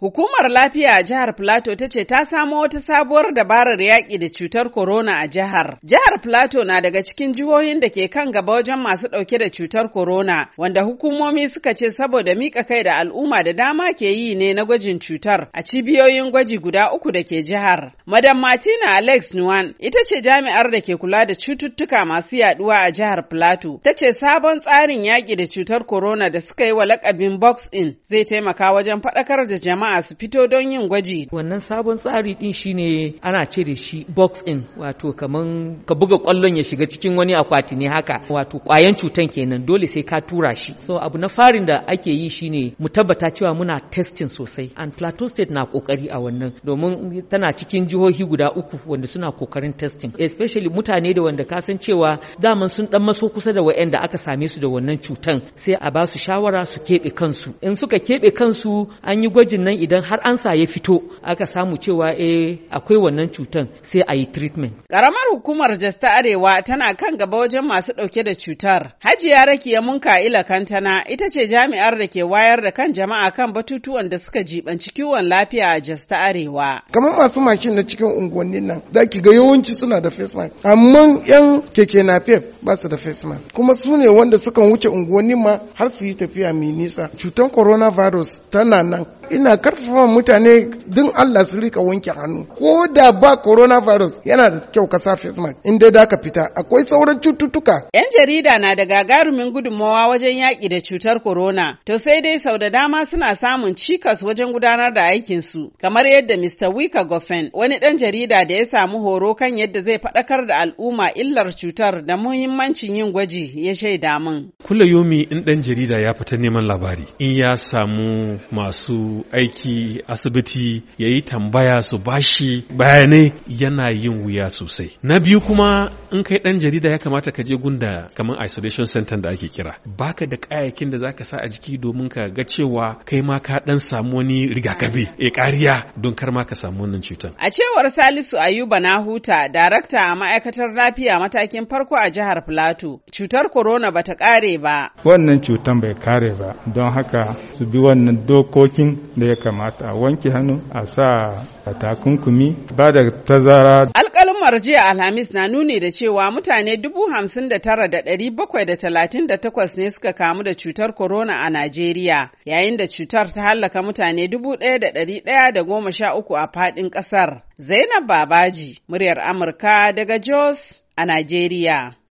Hukumar lafiya a jihar Plateau ta ce ta samo wata sabuwar dabarar yaƙi da cutar corona a jihar. Jihar Plateau na daga cikin jihohin da ke kan gaba wajen masu ɗauke da cutar corona, wanda hukumomi suka ce saboda mika kai da al'umma da dama ke yi ne na gwajin cutar a cibiyoyin gwaji guda uku da ke jihar. Madam Martina Alex nuan ita ce jami'ar da ke kula da cututtuka masu yaɗuwa a jihar Plateau. Ta ce sabon tsarin yaƙi da cutar corona da suka yi wa lakabin box in zai taimaka wajen faɗakar da jama'a jama'a su fito don yin gwaji. Wannan sabon tsari din shine ana ce da shi box in wato kaman ka buga kwallon ya shiga cikin wani akwati ne haka wato kwayan cutan kenan dole sai ka tura shi. So abu na farin da ake yi shine mu tabbata cewa muna testing sosai and Plateau State na kokari a wannan domin tana cikin jihohi guda uku wanda suna kokarin testing especially mutane da wanda kasan cewa daman sun dan maso kusa da wa'anda aka same su da wannan cutan sai a ba su shawara su keɓe kansu in suka keɓe kansu an yi gwajin nan idan har ansa ya fito aka samu cewa eh akwai wannan cutan sai a yi treatment karamar hukumar jasta arewa tana kan gaba wajen masu ɗauke da cutar hajiya rakiya ila kantana ita ce jami'ar da ke wayar da kan jama'a kan batutuwan da suka jibanci kiwon lafiya a jasta arewa kamar masu makin na cikin unguwannin nan za ki ga yawanci suna da face mask amma yan keke napep ba su da face mask kuma su ne wanda sukan wuce unguwannin ma har su yi tafiya mai nisa cutar coronavirus tana nan ina karfafa mutane din Allah su rika wanke hannu ko da ba virus yana da kyau ka sa face mask in dai da ka fita akwai sauran cututtuka yan jarida na da gagarumin gudummawa wajen yaki da cutar corona to sai dai sau da dama suna samun cikas wajen gudanar da aikin su kamar yadda Mr. Wika Goffin wani dan jarida da ya samu horo kan yadda zai faɗakar da al'umma illar cutar da muhimmancin yin gwaji ya shaida min kula yomi in dan jarida ya fita neman labari in ya samu masu aiki aiki asibiti ya yi tambaya su bashi bayanai yana yin wuya sosai na biyu kuma in kai dan jarida ya kamata ka je gunda kamar isolation center da ake kira baka da kayayyakin da zaka sa a jiki domin ka ga cewa kai ma ka dan samu wani rigakafi e kariya don kar ma ka samu wannan cutar a cewar Salisu Ayuba na huta darakta a ma'aikatar lafiya matakin farko a jihar Plateau cutar corona bata kare ba wannan cutar bai kare ba don haka su bi wannan dokokin da ya kamata a wanke hannu a sa takunkumi ba da tazara. Alƙalin jiya Alhamis na nuni da cewa mutane dubu hamsin da tara da ɗari bakwai da talatin da takwas ne suka kamu da cutar corona a Najeriya yayin da cutar ta hallaka mutane dubu ɗaya da ɗari ɗaya da goma sha uku a faɗin ƙasar. Zainab Babaji, muryar Amurka daga Jos a Najeriya.